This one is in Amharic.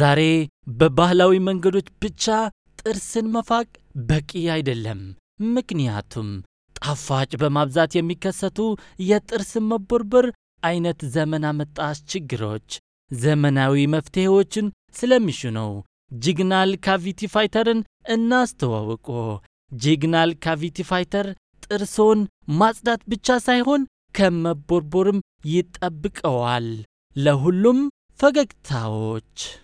ዛሬ በባህላዊ መንገዶች ብቻ ጥርስን መፋቅ በቂ አይደለም። ምክንያቱም ጣፋጭ በማብዛት የሚከሰቱ የጥርስ መቦርበር አይነት ዘመን አመጣሽ ችግሮች ዘመናዊ መፍትሄዎችን ስለሚሹ ነው። ጂግናል ካቪቲ ፋይተርን እናስተዋውቆ። ጂግናል ካቪቲ ፋይተር ጥርሶን ማጽዳት ብቻ ሳይሆን ከመቦርቦርም ይጠብቀዋል። ለሁሉም ፈገግታዎች